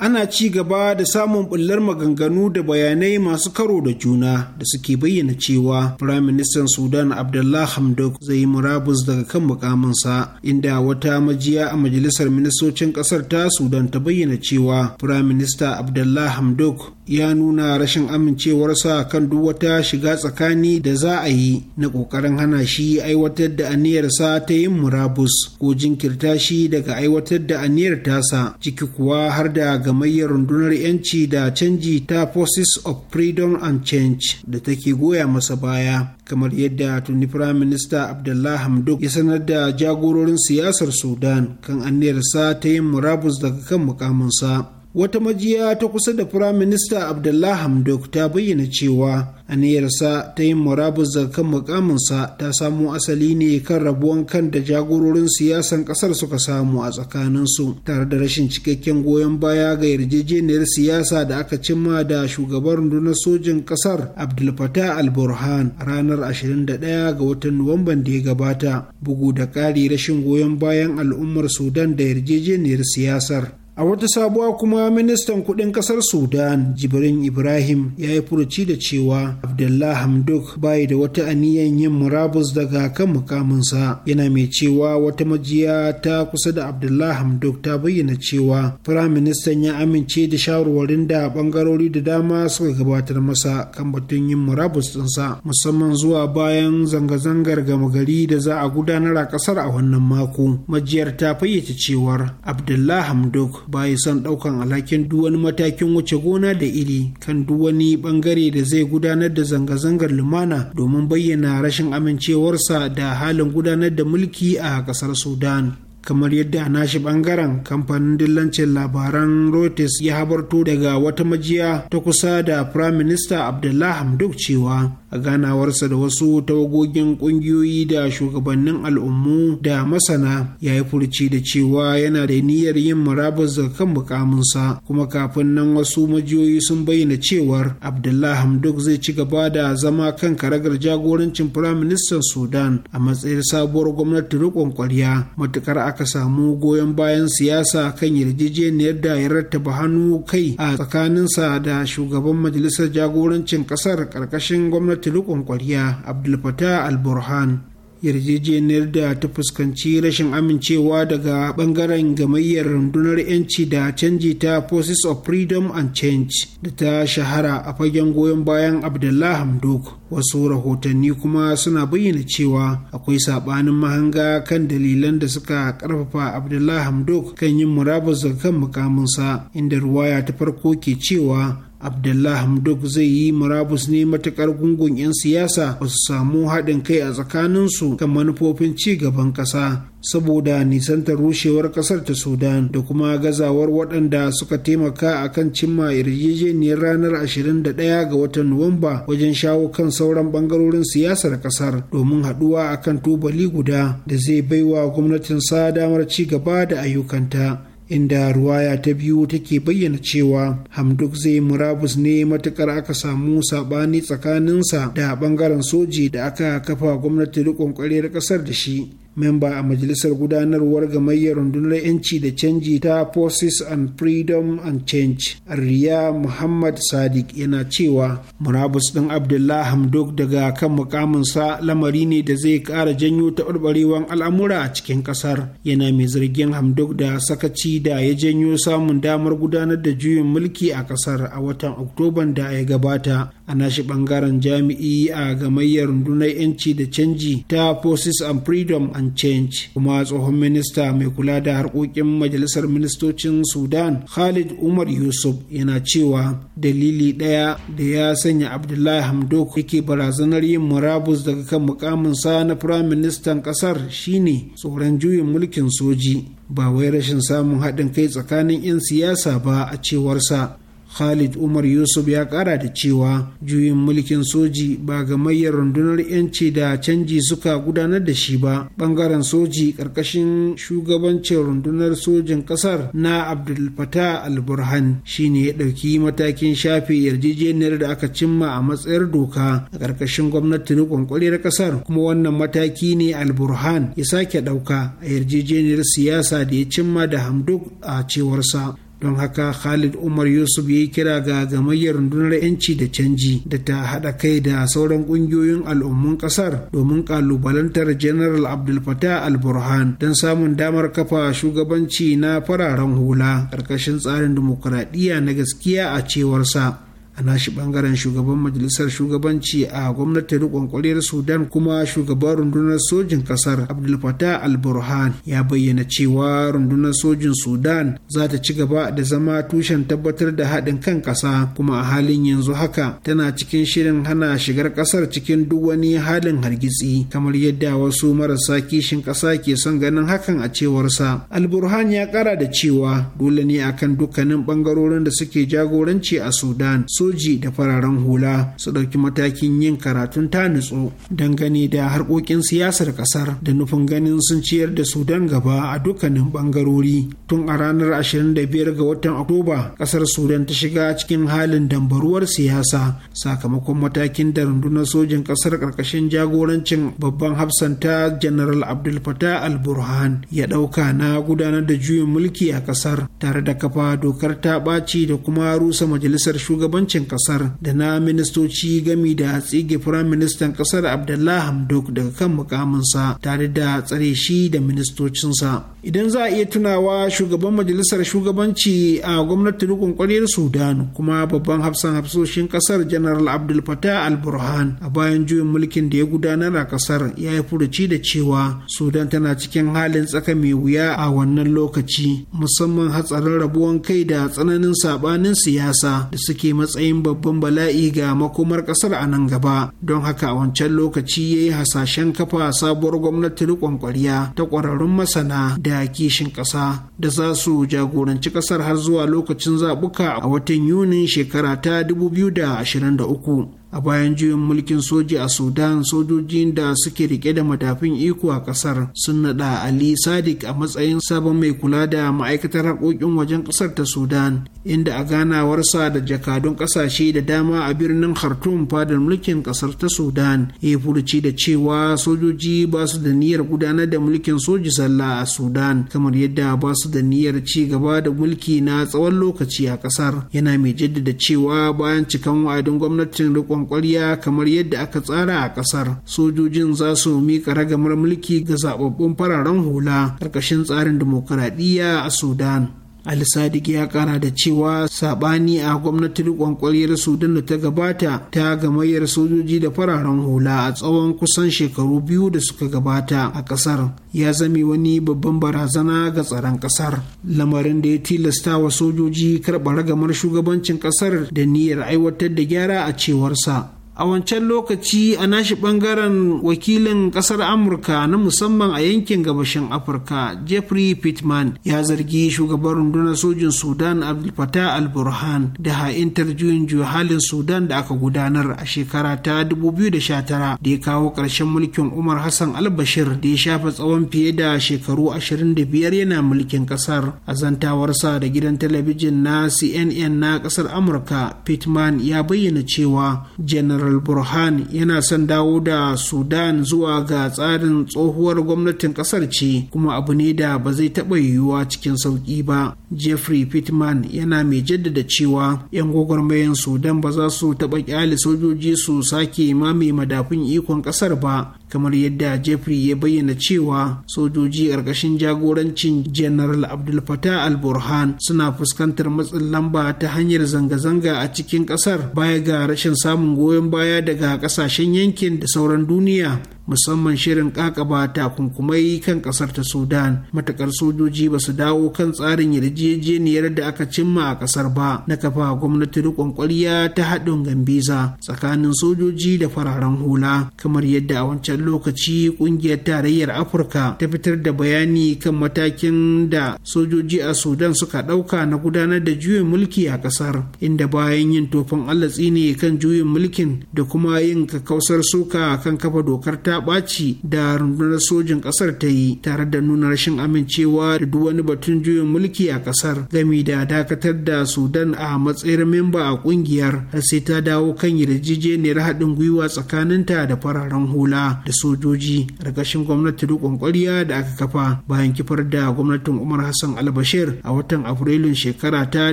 ana ci gaba da samun bullar maganganu da bayanai masu karo da juna da suke bayyana cewa firaministan sudan abdullah hamdok zai yi murabus daga kan mukaminsa inda wata majiya a majalisar ministocin ƙasar ta sudan ta bayyana cewa firaminista abdullah hamdok ya nuna rashin amincewarsa kan duk wata shiga tsakani da za a yi na ƙoƙarin hana shi aiwatar da aniyarsa ta yin murabus ko jinkirta shi daga aiwatar da aniyar tasa ciki kuwa har da gamayyar rundunar 'yanci da canji ta forces of freedom and change da take goya masa baya kamar yadda tuni prime minister abdullah hamdok ya sanar da jagororin siyasar sudan kan sa ta yin murabus daga kan mukaminsa wata majiya ta kusa da firaminista abdullah hamdok ta bayyana cewa aniyarsa ta yin murabus daga kan mukaminsa ta samo asali ne kan rabuwan kan da jagororin siyasan kasar suka samu a tsakaninsu tare da rashin cikakken goyon baya ga yarjejeniyar siyasa da aka cimma da shugaban rundunar sojin kasar Abdulfata alburhan al-burhan ranar 21 ga watan nuwamban da ya gabata bugu da ƙari rashin goyon bayan al'ummar sudan da yarjejeniyar siyasar a wata sabuwa kuma ministan kudin kasar sudan jibrin ibrahim ya yi furuci da cewa abdullah Hamduk bai da wata aniyan yin murabus daga kan mukaminsa yana mai cewa wata majiya ta kusa da abdullah Hamduk ta bayyana cewa firaministan ministan ya amince da shawarwarin da bangarori da dama suka gabatar masa kan batun yin murabus dinsa musamman zuwa bayan zanga-zangar gama gari da za a gudanar a kasar a wannan mako majiyar ta fayyace cewar abdullah Hamduk. baya son ɗaukan alhakin duk wani matakin wuce gona da iri kan duk wani ɓangare da zai gudanar da zanga-zangar lumana domin bayyana rashin amincewarsa da halin gudanar da mulki a ƙasar sudan kamar yadda a nashi bangaren kamfanin dillancin labaran reuters ya habarto daga wata majiya ta kusa da prime minister abdullah hamdok cewa a ganawarsa da wasu tawagogin ƙungiyoyi da shugabannin al'ummu da masana ya yi furci da cewa yana da niyyar yin murabus daga kan mukaminsa kuma kafin nan wasu majiyoyi sun bayyana cewar abdullah Hamduk zai ci gaba da zama kan karagar jagorancin firaministan sudan a matsayin sabuwar gwamnati rikon kwarya matukar aka samu goyon bayan siyasa kan yarjejeniyar da ya rattaba hannu kai a tsakaninsa da shugaban majalisar jagorancin ƙasar ƙarƙashin gwamnati gwamnati rikon kwariya abdulfatah al-burhan yarjejeniyar da ta fuskanci rashin amincewa daga bangaren gamayyar rundunar 'yanci da canji ta forces of freedom and change da ta shahara a fagen goyon bayan abdullah hamdok wasu rahotanni kuma suna bayyana cewa akwai sabanin mahanga kan dalilan da suka karfafa abdullah hamdok kan yin murabus kan mukaminsa inda ruwaya ta farko ke cewa Abdullahi hamdok zai yi murabus ne matukar gungun 'yan siyasa ba su samu haɗin kai a tsakaninsu kan manufofin ci gaban ƙasa saboda nisantar rushewar ƙasar ta sudan da kuma gazawar waɗanda suka taimaka a kan cimma yarjejeniyar ranar 21 ga watan nuwamba wajen shawo kan sauran ɓangarorin siyasar ƙasar domin haɗuwa a kan tubali guda da zai baiwa gwamnatin sa damar ci gaba da ayyukanta inda ruwaya ta biyu take bayyana cewa hamduk zai murabus ne matukar aka samu sabani tsakaninsa da bangaren soji da aka kafa gwamnati rikon kwarar ƙasar da shi memba a majalisar gudanarwar gamayyar rundunar 'yanci da canji ta forces and freedom and change riya muhammad sadiq yana cewa murabus ɗin abdullah hamdok daga kan mukaminsa lamari ne da zai ƙara janyo taɓarɓarewan al'amura a cikin ƙasar yana mai zargin hamdok da sakaci da ya janyo samun damar gudanar da juyin mulki a ƙasar a watan oktoban da ya gabata a nashi ɓangaren jami'i a gamayyar rundunar 'yanci da canji ta forces and freedom and change kuma tsohon minista mai kula da harkokin majalisar ministocin sudan khalid umar yusuf yana cewa dalili ɗaya da ya sanya abdullahi hamdok yake barazanar yin murabus daga kan mukaminsa na firayim ministan ƙasar shine tsoron juyin mulkin soji ba wai rashin samun haɗin kai tsakanin 'yan siyasa ba a cewarsa Khalid Umar Yusuf ya kara da cewa juyin mulkin soji ba ga gamayyar rundunar 'yanci da canji suka gudanar da shi ba. Bangaren soji ƙarƙashin shugabancin rundunar sojin ƙasar na Abdul Fattah al-Burhan shine ya ɗauki matakin shafe yarjejeniyar da aka cimma a matsayar doka a gwamnati gwamnatin kwankwaliyar ƙasar kuma wannan mataki ne al-Burhan ya sake ɗauka a yarjejeniyar siyasa da ya cimma da Hamdok a cewarsa. don haka khalid umar yusuf ya yi kira ga gamayyar rundunar 'yanci da canji da ta haɗa kai da sauran ƙungiyoyin al'ummun ƙasar domin ƙalubalantar general abdul fatah al-burhan don samun damar kafa shugabanci na fararen hula ƙarƙashin tsarin dimokuraɗiyya na gaskiya a cewarsa a nashi bangaren shugaban majalisar shugabanci a gwamnatin rikon kwaliyar sudan kuma shugaban rundunar sojin kasar abdul fatah al burhan ya bayyana cewa rundunar sojin sudan za ta ci gaba da zama tushen tabbatar da haɗin kan ƙasa kuma a halin yanzu haka tana cikin shirin hana shigar ƙasar cikin duk wani halin hargitsi kamar yadda wasu marasa kishin ƙasa ke son ganin hakan a cewarsa al burhan ya ƙara da cewa dole ne akan dukkanin ɓangarorin da suke jagoranci a sudan soji da fararen hula su ɗauki matakin yin karatun ta nutsu dangane da harkokin siyasar ƙasar da nufin ganin sun ciyar da sudan gaba a dukkanin bangarori tun a ranar 25 ga watan oktoba ƙasar sudan ta shiga cikin halin dambaruwar siyasa sakamakon matakin da rundunar sojin ƙasar ƙarƙashin jagorancin babban hafsanta general abdul fatah al-burhan ya ɗauka na gudanar da juyin mulki a ƙasar tare da kafa dokar ta ɓaci da kuma rusa majalisar shugabancin shugabancin kasar da na ministoci gami da tsige ministan kasar abdullah hamdok daga kan mukaminsa tare da tsare shi da ministocinsa idan za a iya tunawa shugaban majalisar shugabanci a gwamnatin rukun kwaryar sudan kuma babban hafsan hafsoshin kasar janaral abdul fatah al burhan a bayan juyin mulkin da ya gudanar a kasar ya yi furuci da cewa sudan tana cikin halin tsaka mai wuya a wannan lokaci musamman hatsarin rabuwan kai da tsananin sabanin siyasa da suke matsa matsayin babban bala'i ga makomar kasar a nan gaba don haka a wancan lokaci ya yi hasashen kafa sabuwar gwamnati riƙon ƙwarya ta ƙwararrun masana da kishin ƙasa da za su jagoranci ƙasar har zuwa lokacin zaɓuka a watan yunin shekara ta 2023 a bayan juyin mulkin soji a sudan sojojin da suke rike da matafin iko a kasar sun nada ali sadiq a matsayin sabon mai kula da ma'aikatar harkokin wajen kasar ta sudan inda a ganawarsa da jakadun kasashe da dama a birnin khartoum fadar mulkin kasar ta sudan ya furci da cewa sojoji ba su da niyyar gudanar da mulkin soji sallah a sudan kamar yadda ba su da niyyar ci gaba da mulki na tsawon lokaci a kasar yana mai jaddada cewa bayan cikan wa'adin gwamnatin riƙon riƙon kamar yadda aka tsara a kasar sojojin za su miƙa ragamar mulki ga zababbun fararen hula ƙarƙashin tsarin dimokuraɗiyya a sudan Ali Sadiq ya kara da cewa sabani a gwamnatin rikon Sudan da ta gabata ta gamayyar sojoji da fararen hula a tsawon kusan shekaru biyu da suka gabata a kasar ya zame wani babban barazana ga tsaron kasar lamarin da ya tilasta wa sojoji karɓar ragamar shugabancin kasar da niyyar aiwatar da gyara a cewarsa a wancan lokaci a nashi bangaren wakilin kasar amurka na musamman a yankin gabashin afirka jeffrey pittman ya zargi shugaban rundunar sojin sudan abdul fatah al-burhan da ha'intar juyin halin sudan da aka gudanar a shekara ta 2019 da ya kawo ƙarshen mulkin umar hassan al-bashir da ya shafa tsawon fiye da shekaru 25 yana mulkin kasar a zantawarsa da gidan talabijin na cnn na kasar amurka pittman ya bayyana cewa general al-burhan yana son dawo da sudan zuwa ga tsarin tsohuwar gwamnatin kasar ce kuma abu ne da ba zai taɓa yiwuwa cikin sauƙi ba jeffrey pittman yana mai jaddada cewa 'yan gwagwarmayan sudan ba za su taɓa kyale sojoji su sake mame madafun ikon ƙasar ba kamar yadda jeffrey ya bayyana cewa sojoji ƙarƙashin jagorancin general abdul Fattah al-burhan suna fuskantar matsin lamba ta hanyar zanga-zanga a cikin ƙasar baya ga rashin samun goyon baya daga ƙasashen yankin da sauran duniya musamman shirin kakaba takunkumai kan kasar ta sudan matakar sojoji ba su dawo kan tsarin yarjejeniyar da aka cimma a kasar ba na kafa gwamnati rikon kwarya ta haɗin gambiza tsakanin sojoji da fararen hula kamar yadda a wancan lokaci kungiyar tarayyar afirka ta fitar da bayani kan matakin da sojoji a sudan suka ɗauka na gudanar da juyin mulki a kasar inda bayan yin tofin allah ne kan juyin mulkin da kuma yin kakkausar suka kan kafa dokar ta ta ɓaci da rundunar sojin ƙasar ta yi tare da nuna rashin amincewa da duk wani batun juyin mulki a ƙasar gami da dakatar da sudan a matsayin memba a ƙungiyar har sai ta dawo kan yarjejeniyar haɗin gwiwa tsakaninta da fararen hula da sojoji ƙarƙashin gwamnati riƙon ƙwarya da aka kafa bayan kifar da gwamnatin umar hassan albashir a watan afrilun shekara ta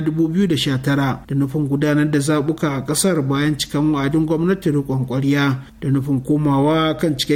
2019 da nufin gudanar da zaɓuka a ƙasar bayan cikan wa'adin gwamnati riƙon ƙwarya da nufin komawa kan cike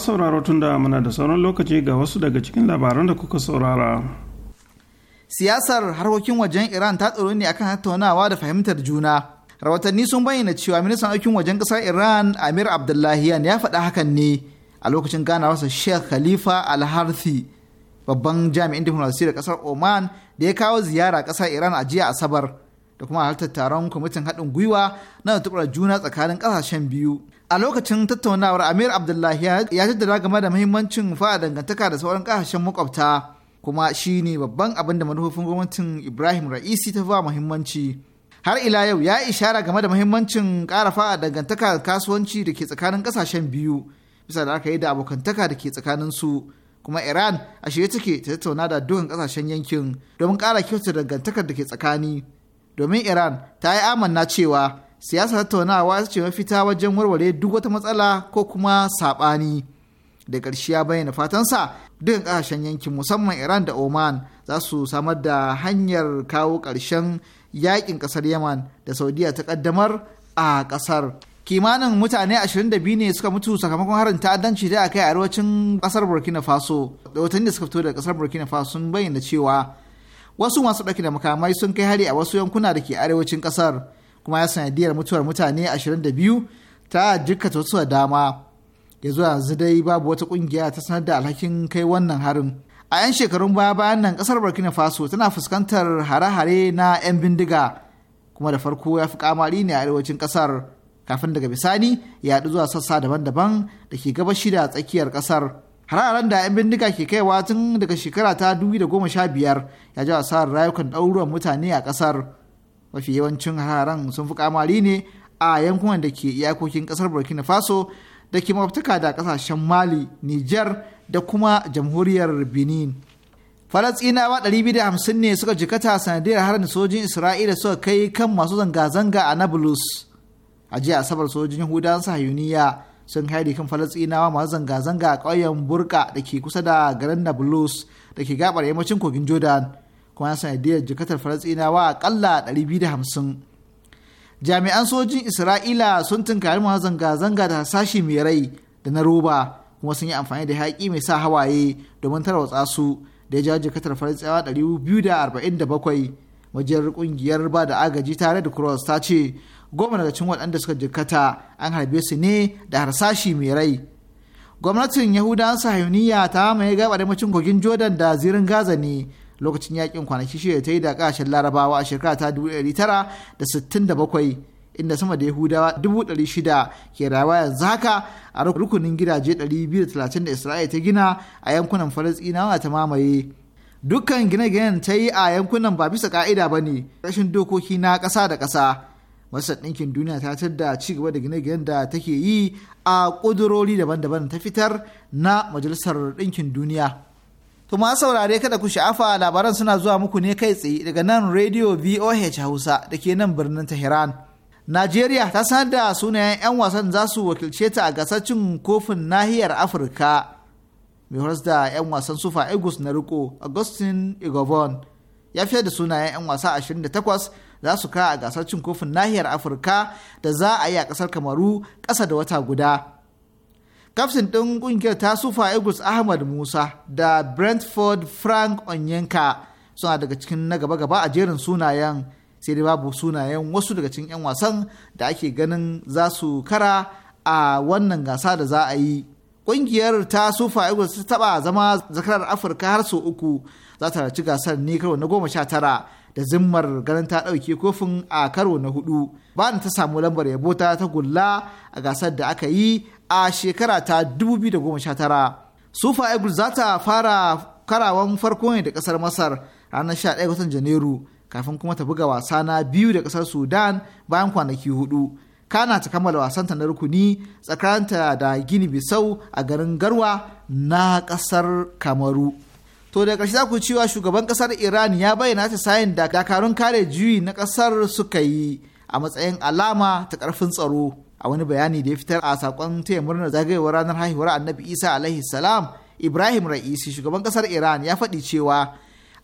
sauraro tun da muna da sauran lokaci ga wasu daga cikin labaran da kuka saurara. Siyasar harkokin wajen Iran ta tsoro ne akan tattaunawa da fahimtar juna. Rawatanni sun bayyana cewa ministan aikin wajen ƙasar Iran Amir Abdullahian ya faɗa hakan ne a lokacin ganawarsa Sheikh Khalifa Al-Harthi babban jami'in diplomasi da ƙasar Oman da ya kawo ziyara ƙasar Iran a jiya Asabar da kuma halartar taron kwamitin haɗin gwiwa na tuntuɓar juna tsakanin ƙasashen biyu. a lokacin tattaunawar amir abdullahi ya jaddada game da muhimmancin fa'a dangantaka da sauran kasashen makwabta kuma shi ne babban abin da manufofin gwamnatin ibrahim ra'isi ta fa muhimmanci har ila yau ya ishara game da muhimmancin ƙara fa'a dangantaka kasuwanci da ke tsakanin kasashen biyu bisa da aka yi da abokantaka da ke tsakanin su kuma iran a shirye take ta tattauna da dukkan kasashen yankin domin ƙara kyautar dangantakar da ke tsakani domin iran ta yi amanna cewa siyasar tattaunawa ita ce mafita wajen warware duk wata matsala ko kuma saɓani da ƙarshe ya bayyana fatansa dukkan ƙasashen yankin musamman iran da oman za su samar da hanyar kawo ƙarshen yakin ƙasar yaman da saudiya ta ƙaddamar a ƙasar kimanin mutane 22 ne suka mutu sakamakon harin ta'addanci da aka yi a arewacin ƙasar burkina faso da watanni da suka fito daga ƙasar burkina faso sun bayyana cewa wasu masu ɗauki da makamai sun kai hari a wasu yankuna da ke arewacin ƙasar kuma ya sanadiyar mutuwar mutane 22 ta jikkata wasu da dama ya zuwa yanzu dai babu wata kungiya ta sanar da alhakin kai wannan harin a 'yan shekarun baya bayan nan kasar burkina faso tana fuskantar hare-hare na 'yan bindiga kuma da farko ya fi kamari ne a arewacin kasar kafin daga bisani ya haɗu zuwa sassa daban-daban da ke gabashi da tsakiyar kasar hararen da 'yan bindiga ke kaiwa tun daga shekara ta 2015 ya ji asarar rayukan ɗaruruwan mutane a kasar mafi yawancin haran sun fi kamari ne a yankunan da ke iyakokin kasar burkina faso da ke mafitaka da kasashen mali niger da kuma jamhuriyar benin falasinawa 250 ne suka jikata sanadiyar harin sojin isra'ila suka kai kan masu zanga-zanga a nablus a jiya asabar sojin yahudawan sahayuniya sun haidi kan falasinawa masu zanga-zanga a ƙauyen burka da ke kusa da garin nablus da ke gabar yammacin kogin jordan kuma sanadiyar jikatar falasɗinawa akalla 250 jami'an sojin isra'ila sun tunkari masu zanga-zanga da sashi mai rai da na roba kuma sun yi amfani da haƙi mai sa hawaye domin tarwatsa su da ya jawo jikatar falasɗinawa 247 majiyar ƙungiyar ba da agaji tare da cross ta ce goma daga cikin waɗanda suka jikata an harbe su ne da harsashi mai rai gwamnatin yahudan sahiyuniya ta mai gaba da kogin jordan da zirin gaza ne lokacin yakin kwanaki shida ta yi da kashin larabawa a shekara ta 1967 inda sama da yahudawa 600 ke rayuwa yanzu haka a rukunin gidaje 230 da isra'ila ta gina a yankunan falasɗinawa ta mamaye dukkan gine-ginen ta yi a yankunan ba bisa ka'ida ba ne rashin dokoki na kasa da kasa. masar ɗinkin duniya ta tar da ci gaba da gine-ginen da take yi a ƙudurori daban-daban ta fitar na majalisar ɗinkin duniya To ma saurare kada ku sha'afa labaran suna zuwa muku ne kai tsaye daga nan Radio VOH Hausa da ke nan birnin Tehran. Najeriya ta sanar da sunayen 'yan wasan za su wakilce ta a gasar cin kofin nahiyar Afirka. Mai horas da 'yan wasan Sufa Egus na riko Augustin Igovon ya fiye da sunayen 'yan wasa 28 za su ka a gasar cin kofin nahiyar Afirka da za a yi a kasar Kamaru ƙasa da wata guda. kaftin ɗin ƙungiyar ta sufa egus ahmad musa da brentford frank onyenka suna daga cikin na gaba-gaba a jerin sunayen sai dai babu sunayen wasu daga cikin 'yan wasan da ake ganin za su kara a wannan gasa da za a yi ƙungiyar ta sufa eagles ta taɓa zama zakarar afirka har sau uku za ta raci gasar ne karo na goma sha tara da zimmar ganin ta ɗauke kofin a karo na hudu bayan ta samu lambar yabo ta ta gulla a gasar da aka yi a shekara ta 2019 sufa eagles za ta fara karawan farko ne da kasar masar ranar 11 watan janairu kafin kuma ta buga wasa na biyu da kasar sudan bayan kwanaki hudu kana ta kammala wasanta na rukuni tsakaninta da gini bisau a garin garwa na kasar kamaru to da ƙarshe za ku cewa shugaban kasar iran ya bayyana ta sayin da dakarun kare juyi na kasar suka yi a matsayin alama ta ƙarfin tsaro a wani bayani da ya fitar a sakon taya murnar zagayewar ranar haihuwar annabi isa alaihi salam ibrahim ra'isi shugaban kasar iran ya faɗi cewa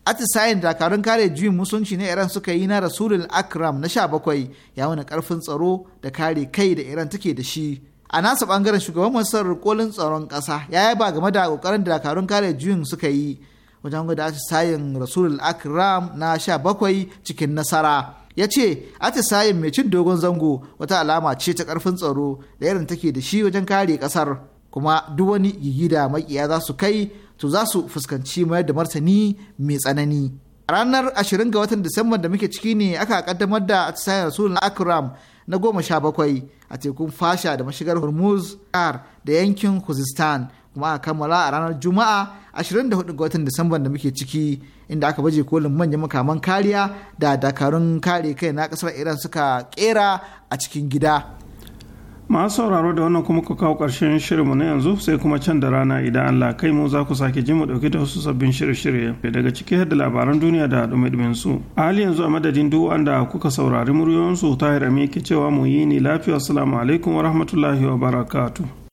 atisayen dakarun kare juyin musulunci na iran suka yi na rasulul akram na sha bakwai ya wani karfin tsaro da kare kai da iran take da shi a nasa bangaren shugaban masar kolin tsaron kasa ya ba game da kokarin da dakarun kare juyin suka yi wajen gwada atisayen rasulul akram na sha bakwai cikin nasara ya ce atisayin mai cin dogon zango wata alama ce ta karfin tsaro da irin take da shi wajen kare kasar kuma duk wani gigida makiya za su kai to za su fuskanci mayar da martani mai tsanani a ranar 20 ga watan disamba da muke ciki ne aka kaddamar da atisayin rasulun akram na goma sha bakwai a tekun fasha da mashigar hormuz da yankin kuzistan kuma a kammala a ranar juma'a 24 ga watan disamba da muke ciki inda aka baje kolin manyan makaman kariya da dakarun kare kai na kasar iran suka kera a cikin gida masu sauraro da wannan kuma ku kawo ƙarshen shirinmu na yanzu sai kuma can da rana idan allah kai mu za ku sake ji mu ɗauki da wasu sabbin shirye-shirye daga ciki da labaran duniya da ɗume su a hali yanzu a madadin duk wanda kuka saurari muryoyinsu hirami ke cewa mu yi ni lafiya assalamu alaikum wa rahmatullahi wa barakatu.